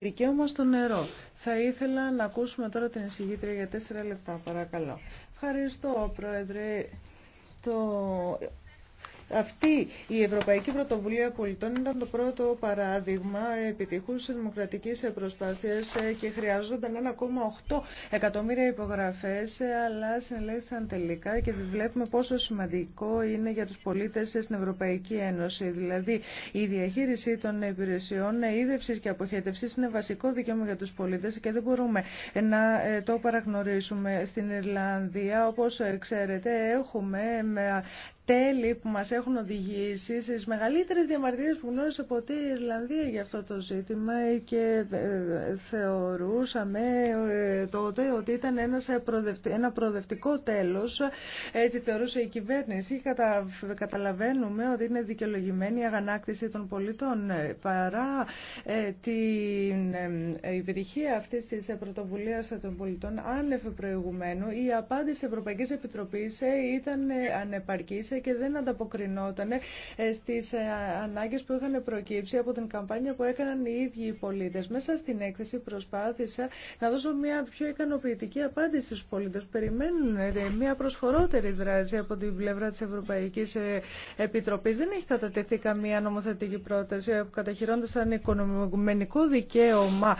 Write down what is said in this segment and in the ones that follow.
Δικαίωμα στο νερό. Θα ήθελα να ακούσουμε τώρα την εισηγήτρια για τέσσερα λεπτά, παρακαλώ. Ευχαριστώ, Πρόεδρε. Το αυτή η Ευρωπαϊκή Πρωτοβουλία Πολιτών ήταν το πρώτο παράδειγμα επιτυχούς δημοκρατικής προσπάθειας και χρειάζονταν 1,8 εκατομμύρια υπογραφές, αλλά συνελέγησαν τελικά και βλέπουμε πόσο σημαντικό είναι για τους πολίτες στην Ευρωπαϊκή Ένωση. Δηλαδή, η διαχείριση των υπηρεσιών ίδρυψης και αποχέτευσης είναι βασικό δικαίωμα για τους πολίτες και δεν μπορούμε να ε, το παραγνωρίσουμε. Στην Ιρλανδία, όπως ξέρετε, έχουμε τέλη που μας έχουν οδηγήσει στις μεγαλύτερες διαμαρτυρίες που γνώρισε ποτέ η Ιρλανδία για αυτό το ζήτημα και ε, θεωρούσαμε ε, τότε ότι ήταν ένας ε, ένα προοδευτικό τέλος, έτσι θεωρούσε η κυβέρνηση. Κατα, καταλαβαίνουμε ότι είναι δικαιολογημένη η αγανάκτηση των πολιτών. Παρά την επιτυχία αυτής της πρωτοβουλίας των πολιτών άνευ προηγουμένου, η απάντηση Ευρωπαϊκής Επιτροπής ήταν ανεπαρκής και δεν ανταποκρινόταν ε, στις ε, ανάγκες που είχαν προκύψει από την καμπάνια που έκαναν οι ίδιοι οι πολίτες. Μέσα στην έκθεση προσπάθησα να δώσω μια πιο ικανοποιητική απάντηση στους πολίτες. Περιμένουν ε, μια προσφορότερη δράση από την πλευρά της Ευρωπαϊκής Επιτροπής. Δεν έχει κατατεθεί καμία νομοθετική πρόταση που καταχειρώνται σαν οικονομικό δικαίωμα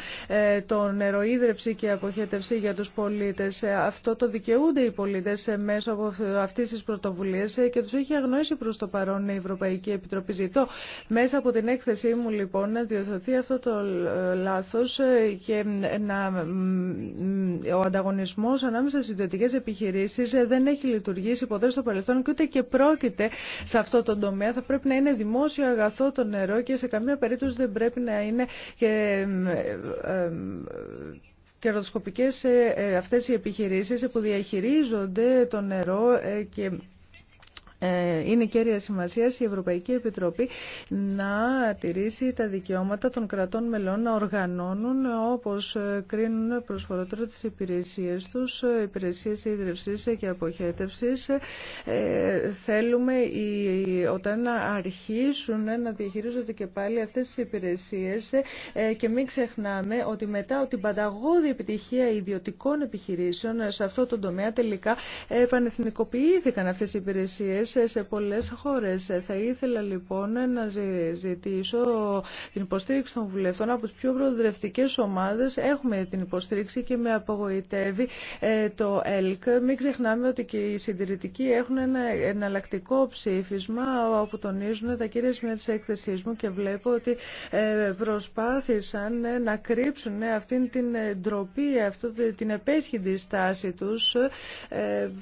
το νεροίδρευση και αποχέτευση για τους πολίτες. Αυτό το δικαιούνται οι πολίτες μέσω από αυτής της πρωτοβουλίας και του έχει αγνοήσει προ το παρόν η Ευρωπαϊκή Επιτροπή. Ζητώ μέσα από την έκθεσή μου λοιπόν να διορθωθεί αυτό το λάθο ε, και ε, ο ανταγωνισμό ανάμεσα στι ιδιωτικέ επιχειρήσει ε, δεν έχει λειτουργήσει ποτέ στο παρελθόν και ούτε και πρόκειται σε αυτό το τομέα. Θα πρέπει να είναι δημόσιο αγαθό το νερό και σε καμία περίπτωση δεν πρέπει να είναι και κερδοσκοπικές αυτές οι επιχειρήσεις που διαχειρίζονται το νερό και ε, είναι κέρια σημασίας η Ευρωπαϊκή Επιτροπή να τηρήσει τα δικαιώματα των κρατών μελών να οργανώνουν όπως ε, κρίνουν προσφορότερα τις υπηρεσίες τους, ε, υπηρεσίες ίδρυυσης και αποχέτευσης. θέλουμε όταν αρχίσουν να διαχειρίζονται και πάλι αυτές τις υπηρεσίες και μην ξεχνάμε ότι μετά την πανταγώδη επιτυχία ιδιωτικών επιχειρήσεων σε αυτό το τομέα τελικά επανεθνικοποιήθηκαν αυτές οι υπηρεσίες σε πολλές χώρες. Θα ήθελα λοιπόν να ζητήσω την υποστήριξη των βουλευτών από τις πιο προοδρευτικές ομάδες. Έχουμε την υποστήριξη και με απογοητεύει ε, το ΕΛΚ. Μην ξεχνάμε ότι και οι συντηρητικοί έχουν ένα εναλλακτικό ψήφισμα όπου τονίζουν τα κύρια σημεία της έκθεσής μου και βλέπω ότι ε, προσπάθησαν ε, να κρύψουν αυτήν την ντροπή, αυτή την επέσχυντη στάση τους.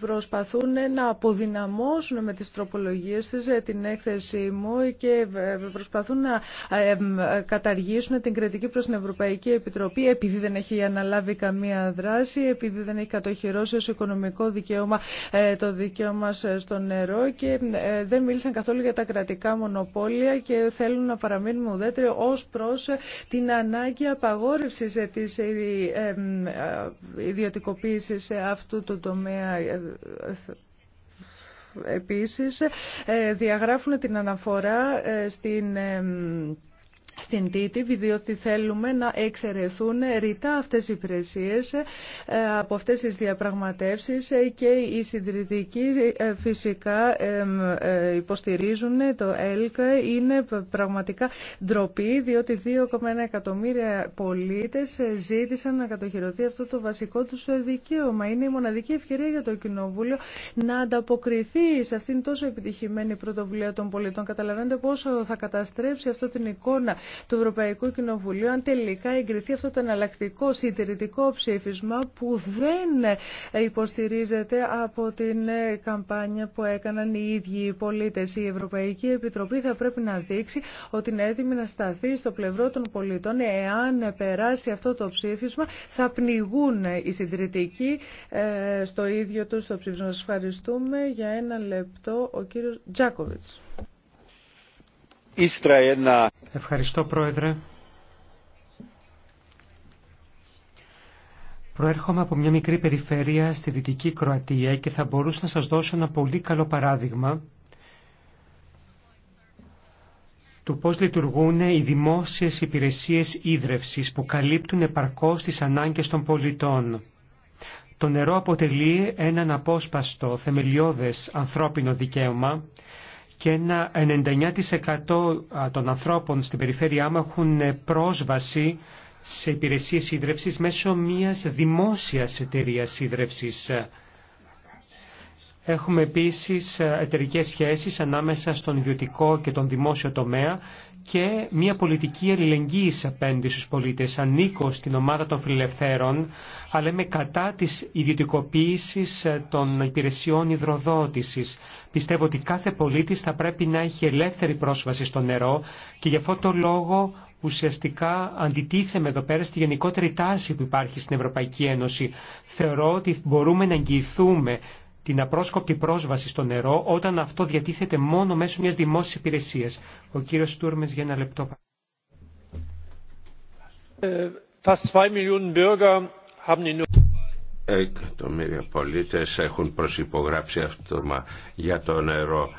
Προσπαθούν να αποδυναμώσουν τις τροπολογίες της, ε, την έκθεσή μου και ε, ε, προσπαθούν να καταργήσουν την κριτική προς την Ευρωπαϊκή Επιτροπή επειδή δεν έχει αναλάβει καμία δράση, επειδή δεν έχει κατοχυρώσει ως οικονομικό δικαίωμα το δικαίωμα στο νερό και δεν μίλησαν καθόλου για τα κρατικά μονοπόλια και θέλουν να παραμείνουμε ουδέτεροι ως προς την ανάγκη απαγόρευσης της ιδιωτικοποίησης σε αυτού του τομέα Επίσης, ε, διαγράφουν την αναφορά ε, στην ε, στην ΤΙΤΗ, διότι θέλουμε να εξαιρεθούν ρητά αυτές οι υπηρεσίες ε, από αυτές τις διαπραγματεύσεις ε, και οι συντηρητικοί ε, φυσικά υποστηρίζουν το ΕΛΚΑ. Είναι πραγματικά ντροπή, διότι 2,1 εκατομμύρια πολίτες ζήτησαν να κατοχυρωθεί αυτό το βασικό τους δικαίωμα. Είναι η μοναδική ευκαιρία για το Κοινοβούλιο να ανταποκριθεί σε αυτήν τόσο επιτυχημένη πρωτοβουλία των πολιτών. Καταλαβαίνετε πόσο θα καταστρέψει αυτό την εικόνα του Ευρωπαϊκού Κοινοβουλίου αν τελικά εγκριθεί αυτό το εναλλακτικό συντηρητικό ψήφισμα που δεν υποστηρίζεται από την καμπάνια που έκαναν οι ίδιοι οι πολίτες. Η Ευρωπαϊκή Επιτροπή θα πρέπει να δείξει ότι είναι έτοιμη να σταθεί στο πλευρό των πολιτών. Εάν περάσει αυτό το ψήφισμα θα πνιγούν οι συντηρητικοί ε, στο ίδιο τους το ψήφισμα. Σας ευχαριστούμε για ένα λεπτό ο κύριος Τζάκοβιτς. Ευχαριστώ Πρόεδρε. Προέρχομαι από μια μικρή περιφέρεια στη Δυτική Κροατία και θα μπορούσα να σας δώσω ένα πολύ καλό παράδειγμα του πώς λειτουργούν οι δημόσιες υπηρεσίες ίδρευσης που καλύπτουν επαρκώς τις ανάγκες των πολιτών. Το νερό αποτελεί έναν απόσπαστο θεμελιώδες ανθρώπινο δικαίωμα και ένα 99% των ανθρώπων στην περιφέρειά μου έχουν ε, πρόσβαση σε υπηρεσίες ίδρυυσης μέσω μιας δημόσιας εταιρείας ίδρυυσης. Έχουμε επίσης ε, εταιρικέ σχέσεις ανάμεσα στον ιδιωτικό και τον δημόσιο τομέα και μια πολιτική αλληλεγγύης απέναντι στους πολίτες. Ανήκω στην ομάδα των φιλελευθέρων, αλλά είμαι κατά της ιδιωτικοποίησης ε, των υπηρεσιών υδροδότησης. Πιστεύω ότι κάθε πολίτης θα πρέπει να έχει ελεύθερη πρόσβαση στο νερό και γι' αυτό το λόγο ουσιαστικά αντιτίθεμαι εδώ πέρα στη γενικότερη τάση που υπάρχει στην Ευρωπαϊκή Ένωση. Θεωρώ ότι μπορούμε να εγγυηθούμε την απρόσκοπτη πρόσβαση στο νερό όταν αυτό διατίθεται μόνο μέσω μιας δημόσιας υπηρεσίας. Ο κύριος Τούρμες για ένα λεπτό. Ε, Εκατομμύρια πολίτες έχουν προσυπογράψει αυτό για το νερό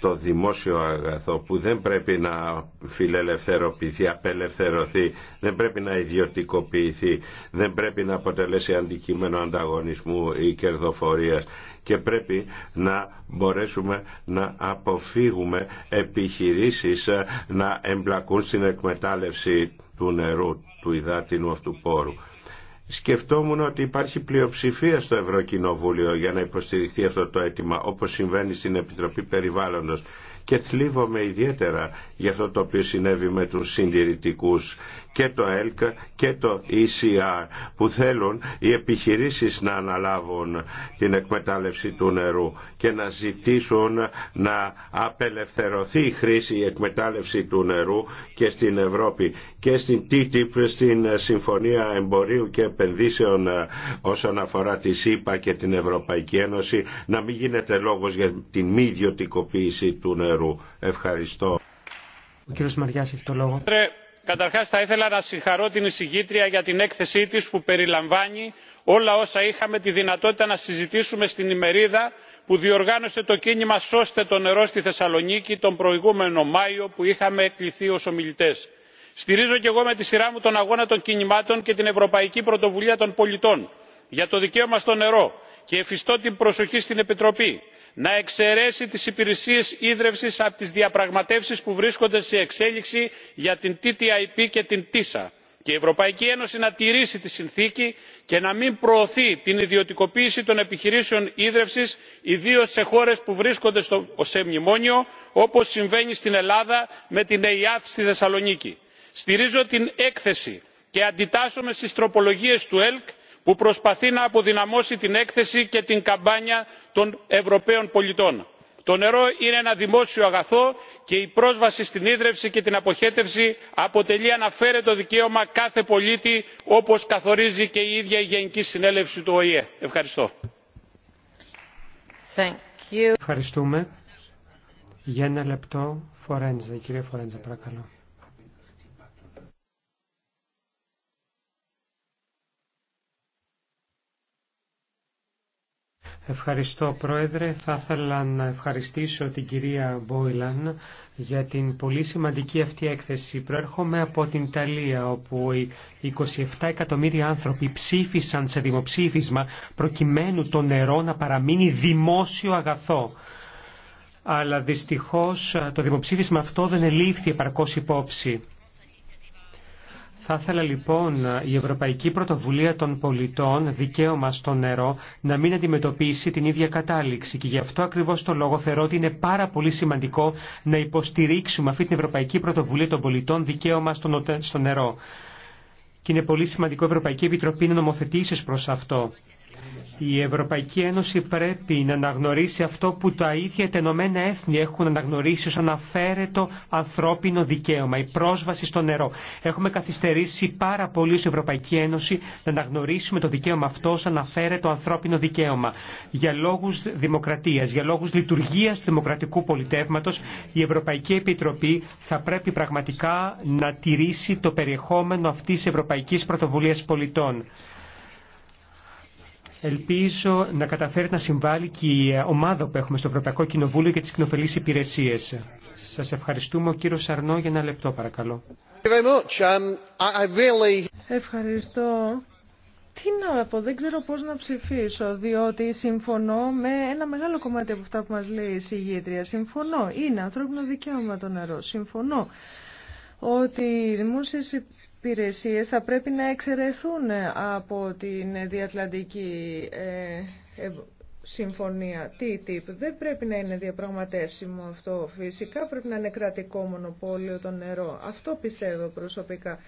το δημόσιο αγαθό που δεν πρέπει να φιλελευθερωποιηθεί, απελευθερωθεί, δεν πρέπει να ιδιωτικοποιηθεί, δεν πρέπει να αποτελέσει αντικείμενο ανταγωνισμού ή κερδοφορίας και πρέπει να μπορέσουμε να αποφύγουμε επιχειρήσεις να εμπλακούν στην εκμετάλλευση του νερού, του υδάτινου αυτού πόρου σκεφτόμουν ότι υπάρχει πλειοψηφία στο Ευρωκοινοβούλιο για να υποστηριχθεί αυτό το αίτημα όπως συμβαίνει στην Επιτροπή Περιβάλλοντος και θλίβομαι ιδιαίτερα για αυτό το οποίο συνέβη με τους συντηρητικούς και το ΕΛΚΑ και το ECR που θέλουν οι επιχειρήσεις να αναλάβουν την εκμετάλλευση του νερού και να ζητήσουν να απελευθερωθεί η χρήση, η εκμετάλλευση του νερού και στην Ευρώπη και στην TTIP, στην Συμφωνία Εμπορίου και Επενδύσεων ε, όσον αφορά τη ΣΥΠΑ και την Ευρωπαϊκή Ένωση να μην γίνεται λόγος για την μη ιδιωτικοποίηση του νερού Προέδρου. Ευχαριστώ. Ο κύριος Μαριάς έχει το λόγο. Καταρχάς θα ήθελα να συγχαρώ την εισηγήτρια για την έκθεσή της που περιλαμβάνει όλα όσα είχαμε τη δυνατότητα να συζητήσουμε στην ημερίδα που διοργάνωσε το κίνημα «Σώστε το νερό» στη Θεσσαλονίκη τον προηγούμενο Μάιο που είχαμε εκληθεί ως ομιλητές. Στηρίζω και εγώ με τη σειρά μου τον αγώνα των κινημάτων και την Ευρωπαϊκή Πρωτοβουλία των Πολιτών για το δικαίωμα στο νερό και εφιστώ την προσοχή στην Επιτροπή να εξαιρέσει τις υπηρεσίες ίδρυυσης από τις διαπραγματεύσεις που βρίσκονται σε εξέλιξη για την ttip και την tisa και η ευρωπαϊκή ένωση να τηρήσει τη συνθήκη και να μην προωθεί την ιδιωτικοποίηση των επιχειρήσεων ίδρυυσης ιδίως σε χώρες που βρίσκονται σε μνημόνιο όπως συμβαίνει στην ελλάδα με την ειάθ στη θεσσαλονίκη. στηρίζω την έκθεση και αντιτάσσομαι στις τροπολογίες του ελκ που προσπαθεί να αποδυναμώσει την έκθεση και την καμπάνια των ευρωπαίων πολιτών. το νερό είναι ένα δημόσιο αγαθό και η πρόσβαση στην ίδρυυση και την αποχέτευση αποτελεί αναφέρετο δικαίωμα κάθε πολίτη όπως καθορίζει και η ίδια η γενική συνέλευση του οηε. ευχαριστώ. Ευχαριστούμε. Για ένα λεπτό, παρακαλώ. Ευχαριστώ Πρόεδρε. Θα ήθελα να ευχαριστήσω την κυρία Μπόιλαν για την πολύ σημαντική αυτή έκθεση. Προέρχομαι από την Ιταλία όπου οι 27 εκατομμύρια άνθρωποι ψήφισαν σε δημοψήφισμα προκειμένου το νερό να παραμείνει δημόσιο αγαθό. Αλλά δυστυχώς το δημοψήφισμα αυτό δεν ελήφθη επαρκώς υπόψη. Θα ήθελα λοιπόν η Ευρωπαϊκή Πρωτοβουλία των Πολιτών, δικαίωμα στο νερό, να μην αντιμετωπίσει την ίδια κατάληξη. Και γι' αυτό ακριβώ το λόγο θεωρώ ότι είναι πάρα πολύ σημαντικό να υποστηρίξουμε αυτή την Ευρωπαϊκή Πρωτοβουλία των Πολιτών, δικαίωμα στο νερό. Και είναι πολύ σημαντικό η Ευρωπαϊκή Επιτροπή να νομοθετήσει προ αυτό. Η Ευρωπαϊκή Ένωση πρέπει να αναγνωρίσει αυτό που τα ίδια τα Έθνη έχουν αναγνωρίσει ως αναφέρετο ανθρώπινο δικαίωμα, η πρόσβαση στο νερό. Έχουμε καθυστερήσει πάρα πολύ ως Ευρωπαϊκή Ένωση να αναγνωρίσουμε το δικαίωμα αυτό ως αναφέρετο ανθρώπινο δικαίωμα. Για λόγους δημοκρατίας, για λόγους λειτουργίας του δημοκρατικού πολιτεύματος, η Ευρωπαϊκή Επιτροπή θα πρέπει πραγματικά να τηρήσει το περιεχόμενο αυτής τη Ευρωπαϊκής Πρωτοβουλίας Πολιτών. Ελπίζω να καταφέρει να συμβάλλει και η ε, ομάδα που έχουμε στο Ευρωπαϊκό Κοινοβούλιο για τις κοινοφελείς υπηρεσίες. Σας ευχαριστούμε. Ο κύριος Σαρνό για ένα λεπτό παρακαλώ. Um, Ευχαριστώ. Τι να πω, δεν ξέρω πώς να ψηφίσω, διότι συμφωνώ με ένα μεγάλο κομμάτι από αυτά που μας λέει η συγγήτρια. Συμφωνώ, είναι ανθρώπινο δικαίωμα το νερό. Συμφωνώ ότι οι δημόσιες υπηρεσίες θα πρέπει να εξαιρεθούν από την διατλαντική ε, ε, συμφωνία TTIP. Δεν πρέπει να είναι διαπραγματεύσιμο αυτό φυσικά, πρέπει να είναι κρατικό μονοπόλιο το νερό. Αυτό πιστεύω προσωπικά.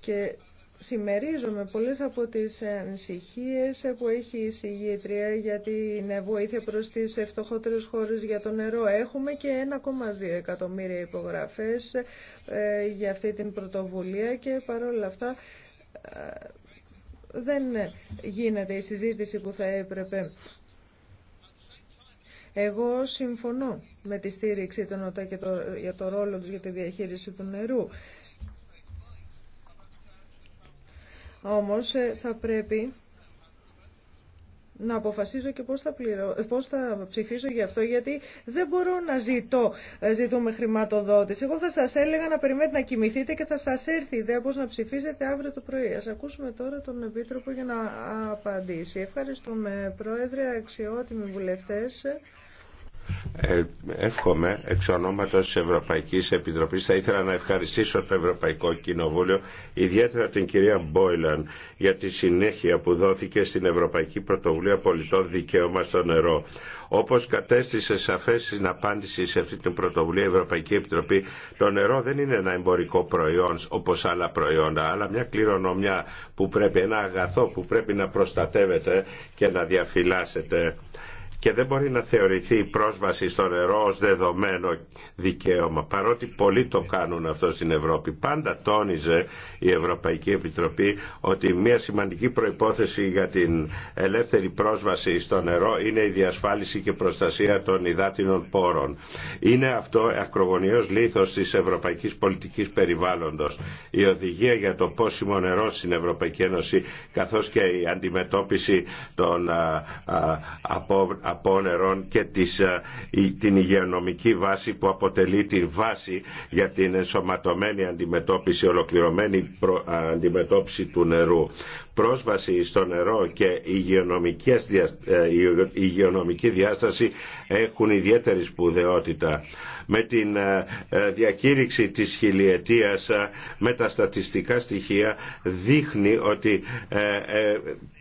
Και συμμερίζομαι πολλές από τις ανησυχίε που έχει η συγγήτρια για την βοήθεια προς τις φτωχότερες χώρες για το νερό. Έχουμε και 1,2 εκατομμύρια υπογραφές ε, για αυτή την πρωτοβουλία και παρόλα αυτά ε, δεν γίνεται η συζήτηση που θα έπρεπε. Εγώ συμφωνώ με τη στήριξη των ΟΤΑ και το, για το ρόλο τους για τη διαχείριση του νερού. Όμως ε, θα πρέπει να αποφασίζω και πώς θα, πληρώ, πώς θα ψηφίσω γι' αυτό, γιατί δεν μπορώ να ζητώ, ε, ζητούμε χρηματοδότηση. Εγώ θα σας έλεγα να περιμένετε να κοιμηθείτε και θα σας έρθει η ιδέα πώς να ψηφίσετε αύριο το πρωί. Ας ακούσουμε τώρα τον Επίτροπο για να απαντήσει. Ευχαριστούμε Πρόεδρε, αξιότιμοι βουλευτές. Ε, εύχομαι εξ ονόματος της Ευρωπαϊκής Επιτροπής θα ήθελα να ευχαριστήσω το Ευρωπαϊκό Κοινοβούλιο ιδιαίτερα την κυρία Μπόιλαν για τη συνέχεια που δόθηκε στην Ευρωπαϊκή Πρωτοβουλία Πολιτών Δικαίωμα στο Νερό. Όπως κατέστησε σαφές στην απάντηση σε αυτή την πρωτοβουλία η Ευρωπαϊκή Επιτροπή, το νερό δεν είναι ένα εμπορικό προϊόν όπως άλλα προϊόντα, αλλά μια κληρονομιά που πρέπει, ένα αγαθό που πρέπει να προστατεύεται και να διαφυλάσσεται και δεν μπορεί να θεωρηθεί η πρόσβαση στο νερό ως δεδομένο δικαίωμα παρότι πολλοί το κάνουν αυτό στην Ευρώπη. Πάντα τόνιζε η Ευρωπαϊκή Επιτροπή ότι μια σημαντική προϋπόθεση για την ελεύθερη πρόσβαση στο νερό είναι η διασφάλιση και προστασία των υδάτινων πόρων. Είναι αυτό ακρογωνιός λήθος της ευρωπαϊκής πολιτικής περιβάλλοντος. Η οδηγία για το πόσιμο νερό στην Ευρωπαϊκή Ένωση καθώς και η αντιμετώπιση των απόνερων και της, ε, την υγειονομική βάση που αποτελεί τη βάση για την ενσωματωμένη αντιμετώπιση, ολοκληρωμένη ε, αντιμετώπιση του νερού. Πρόσβαση στο νερό και η ε, υγειονομική διάσταση έχουν ιδιαίτερη σπουδαιότητα. Με την διακήρυξη της χιλιετίας με τα στατιστικά στοιχεία δείχνει ότι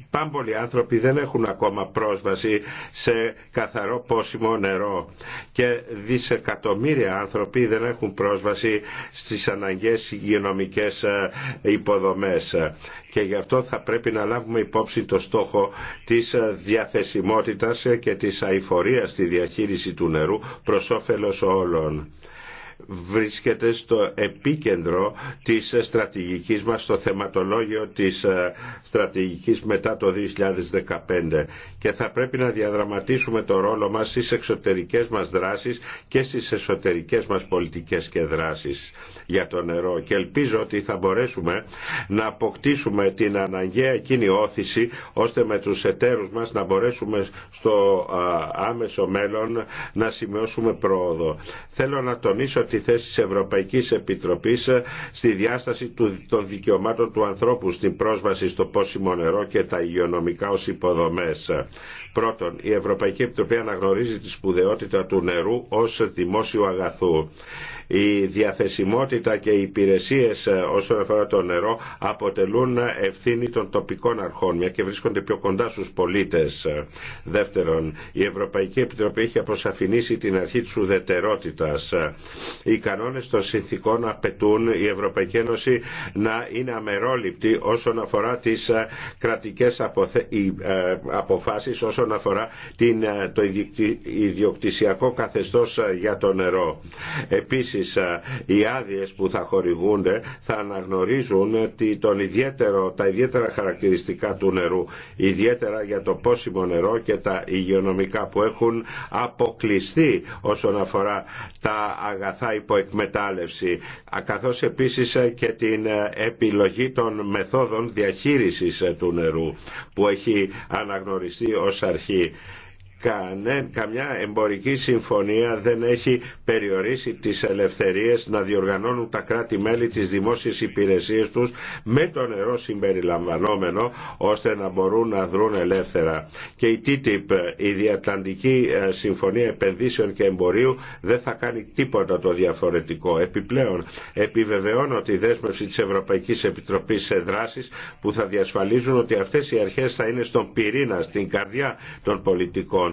πάμπολοι άνθρωποι δεν έχουν ακόμα πρόσβαση σε καθαρό πόσιμο νερό και δισεκατομμύρια άνθρωποι δεν έχουν πρόσβαση στις αναγκαίες υγειονομικές ε, υποδομές και γι' αυτό θα πρέπει να λάβουμε υπόψη το στόχο της ε, διαθεσιμότητας και της αηφορίας στη διαχείριση του νερού προς όφελος όλων βρίσκεται στο επίκεντρο της στρατηγικής μας στο θεματολόγιο της ε, στρατηγικής μετά το 2015 και θα πρέπει να διαδραματίσουμε το ρόλο μας στις εξωτερικές μας δράσεις και στις εσωτερικές μας πολιτικές και δράσεις για το νερό και ελπίζω ότι θα μπορέσουμε να αποκτήσουμε την αναγκαία εκείνη όθηση ώστε με τους εταίρους μας να μπορέσουμε στο ε, άμεσο μέλλον να σημειώσουμε πρόοδο. Θέλω να τονίσω τη θέση της Ευρωπαϊκής Επιτροπής ε, στη διάσταση των δικαιωμάτων του ανθρώπου στην πρόσβαση στο πόσιμο νερό και τα υγειονομικά ως υποδομές. Πρώτον, η Ευρωπαϊκή Επιτροπή αναγνωρίζει τη σπουδαιότητα του νερού ως δημόσιου αγαθού. Η διαθεσιμότητα και οι υπηρεσίες ε, όσον αφορά το νερό αποτελούν ευθύνη των τοπικών αρχών, μια και βρίσκονται πιο κοντά στους πολίτες. Δεύτερον, η Ευρωπαϊκή Επιτροπή έχει αποσαφηνίσει την αρχή της ουδετερότητας. Οι κανόνες των συνθήκων απαιτούν η Ευρωπαϊκή Ένωση να είναι αμερόληπτη όσον αφορά τις ε, κρατικές αποθε... Ε, αποφάσεις, όσον αφορά την... το ιδιοκτησιακό καθεστώς για το νερό επίσης ε, οι άδειες που θα χορηγούνται θα αναγνωρίζουν ε, τον ιδιαίτερο, τα ιδιαίτερα χαρακτηριστικά του νερού, ιδιαίτερα για το πόσιμο νερό και τα υγειονομικά που έχουν αποκλειστεί όσον αφορά τα αγαθά υποεκμετάλλευση, καθώς επίσης ε, και την επιλογή των μεθόδων διαχείρισης του νερού που έχει αναγνωριστεί ως αρχή κανέ, καμιά εμπορική συμφωνία δεν έχει περιορίσει τις ελευθερίες να διοργανώνουν τα κράτη-μέλη τις δημόσιες υπηρεσίες τους με το νερό συμπεριλαμβανόμενο ώστε να μπορούν να δρουν ελεύθερα. Και η TTIP, η Διατλαντική ε, Συμφωνία Επενδύσεων και Εμπορίου δεν θα κάνει τίποτα το διαφορετικό. Επιπλέον επιβεβαιώνω τη δέσμευση της Ευρωπαϊκής Επιτροπής σε δράσεις που θα διασφαλίζουν ότι αυτές οι αρχές θα είναι στον πυρήνα, στην καρδιά των πολιτικών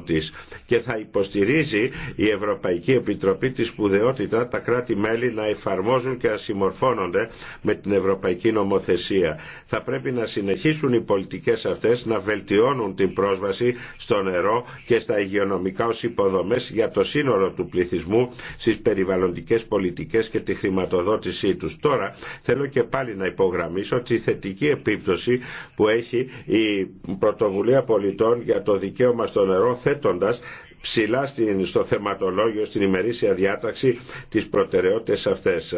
και θα υποστηρίζει η Ευρωπαϊκή Επιτροπή τη σπουδαιότητα τα κράτη-μέλη να εφαρμόζουν και να συμμορφώνονται με την Ευρωπαϊκή Νομοθεσία. Θα πρέπει να συνεχίσουν οι πολιτικές αυτές να βελτιώνουν την πρόσβαση στο νερό και στα υγειονομικά ως υποδομές για το σύνολο του πληθυσμού στις περιβαλλοντικές πολιτικές και τη χρηματοδότησή τους. Τώρα θέλω και πάλι να υπογραμμίσω τη θετική επίπτωση που έχει η πρωτοβουλία πολιτών για το δικαίωμα στο νερό θέτοντας ψηλά στο θεματολόγιο, στην ημερήσια διάταξη τις προτεραιότητες αυτές.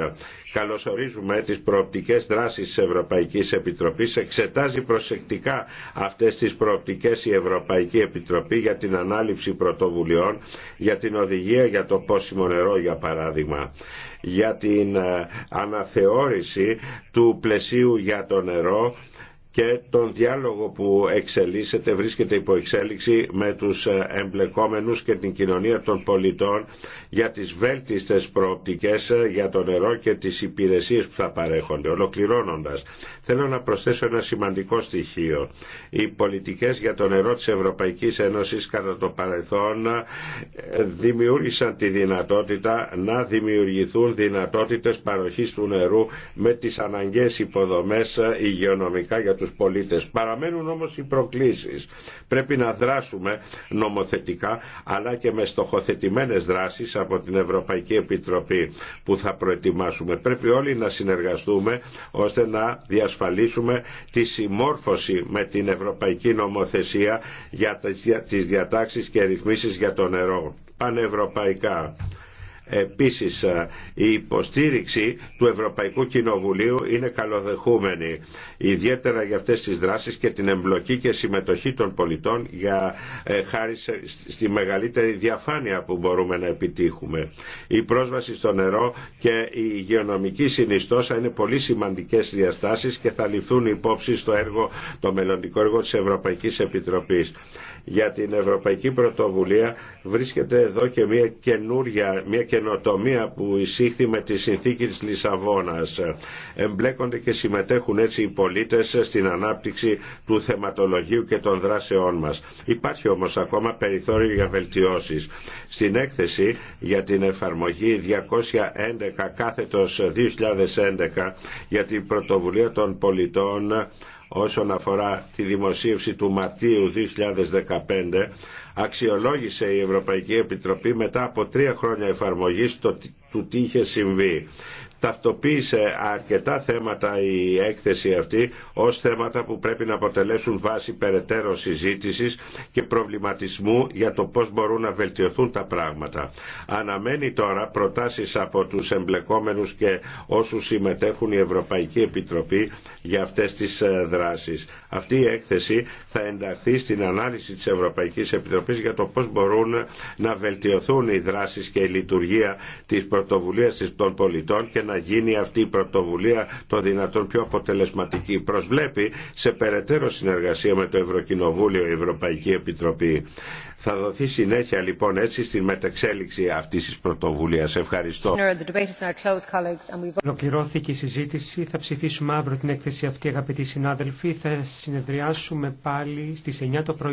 Καλωσορίζουμε τις προοπτικές δράσεις της Ευρωπαϊκής Επιτροπής. Εξετάζει προσεκτικά αυτές τις προοπτικές η Ευρωπαϊκή Επιτροπή για την ανάληψη πρωτοβουλειών, για την οδηγία για το πόσιμο νερό για παράδειγμα για την ε, αναθεώρηση του πλαισίου για το νερό και τον διάλογο που εξελίσσεται, βρίσκεται υπό εξέλιξη με τους εμπλεκόμενους και την κοινωνία των πολιτών για τις βέλτιστες προοπτικές για το νερό και τις υπηρεσίες που θα παρέχονται. Ολοκληρώνοντας, θέλω να προσθέσω ένα σημαντικό στοιχείο. Οι πολιτικές για το νερό της Ευρωπαϊκής Ένωσης κατά το παρελθόν ε, δημιούργησαν τη δυνατότητα να δημιουργηθούν δυνατότητες παροχής του νερού με τις αναγκαίες υποδομές τους πολίτες. Παραμένουν όμως οι προκλήσεις. Πρέπει να δράσουμε νομοθετικά αλλά και με στοχοθετημένες δράσεις από την Ευρωπαϊκή Επιτροπή που θα προετοιμάσουμε. Πρέπει όλοι να συνεργαστούμε ώστε να διασφαλίσουμε τη συμμόρφωση με την Ευρωπαϊκή Νομοθεσία για τις διατάξεις και ρυθμίσεις για το νερό πανευρωπαϊκά. Επίσης ε, η υποστήριξη του Ευρωπαϊκού Κοινοβουλίου είναι καλοδεχούμενη ιδιαίτερα για αυτές τις δράσεις και την εμπλοκή και συμμετοχή των πολιτών για ε, χάρη στη μεγαλύτερη διαφάνεια που μπορούμε να επιτύχουμε. Η πρόσβαση στο νερό και η υγειονομική συνιστόσα είναι πολύ σημαντικές διαστάσεις και θα ληφθούν υπόψη στο, το μελλοντικό έργο της Ευρωπαϊκής Επιτροπής για την Ευρωπαϊκή Πρωτοβουλία βρίσκεται εδώ και μια καινούρια, μια καινοτομία που εισήχθη με τη συνθήκη της Λισαβόνας. Εμπλέκονται και συμμετέχουν έτσι οι πολίτες στην ανάπτυξη του θεματολογίου και των δράσεών μας. Υπάρχει όμως ακόμα περιθώριο για βελτιώσεις. Στην έκθεση για την εφαρμογή 211 κάθετος 2011 για την πρωτοβουλία των πολιτών όσον αφορά τη δημοσίευση του Μαρτίου 2015 αξιολόγησε η Ευρωπαϊκή Επιτροπή μετά από τρία χρόνια εφαρμογής του τι είχε συμβεί ταυτοποίησε αρκετά θέματα η έκθεση αυτή ως θέματα που πρέπει να αποτελέσουν βάση περαιτέρω συζήτησης και προβληματισμού για το πώς μπορούν να βελτιωθούν τα πράγματα. Αναμένει τώρα προτάσεις από τους εμπλεκόμενους και όσους συμμετέχουν η Ευρωπαϊκή Επιτροπή για αυτές τις ε, δράσεις. Αυτή η έκθεση θα ενταχθεί στην ανάλυση της Ευρωπαϊκής Επιτροπής για το πώς μπορούν να βελτιωθούν οι δράσεις και η λειτουργία της πρωτοβουλίας των πολιτών να γίνει αυτή η πρωτοβουλία το δυνατόν πιο αποτελεσματική. Προσβλέπει σε περαιτέρω συνεργασία με το Ευρωκοινοβούλιο η Ευρωπαϊκή Επιτροπή. Θα δοθεί συνέχεια λοιπόν έτσι στην μετεξέλιξη αυτής της πρωτοβουλίας. Ευχαριστώ. Ολοκληρώθηκε η συζήτηση. Θα ψηφίσουμε αύριο την έκθεση αυτή συνάδελφοι. Θα πάλι 9 το πρωί.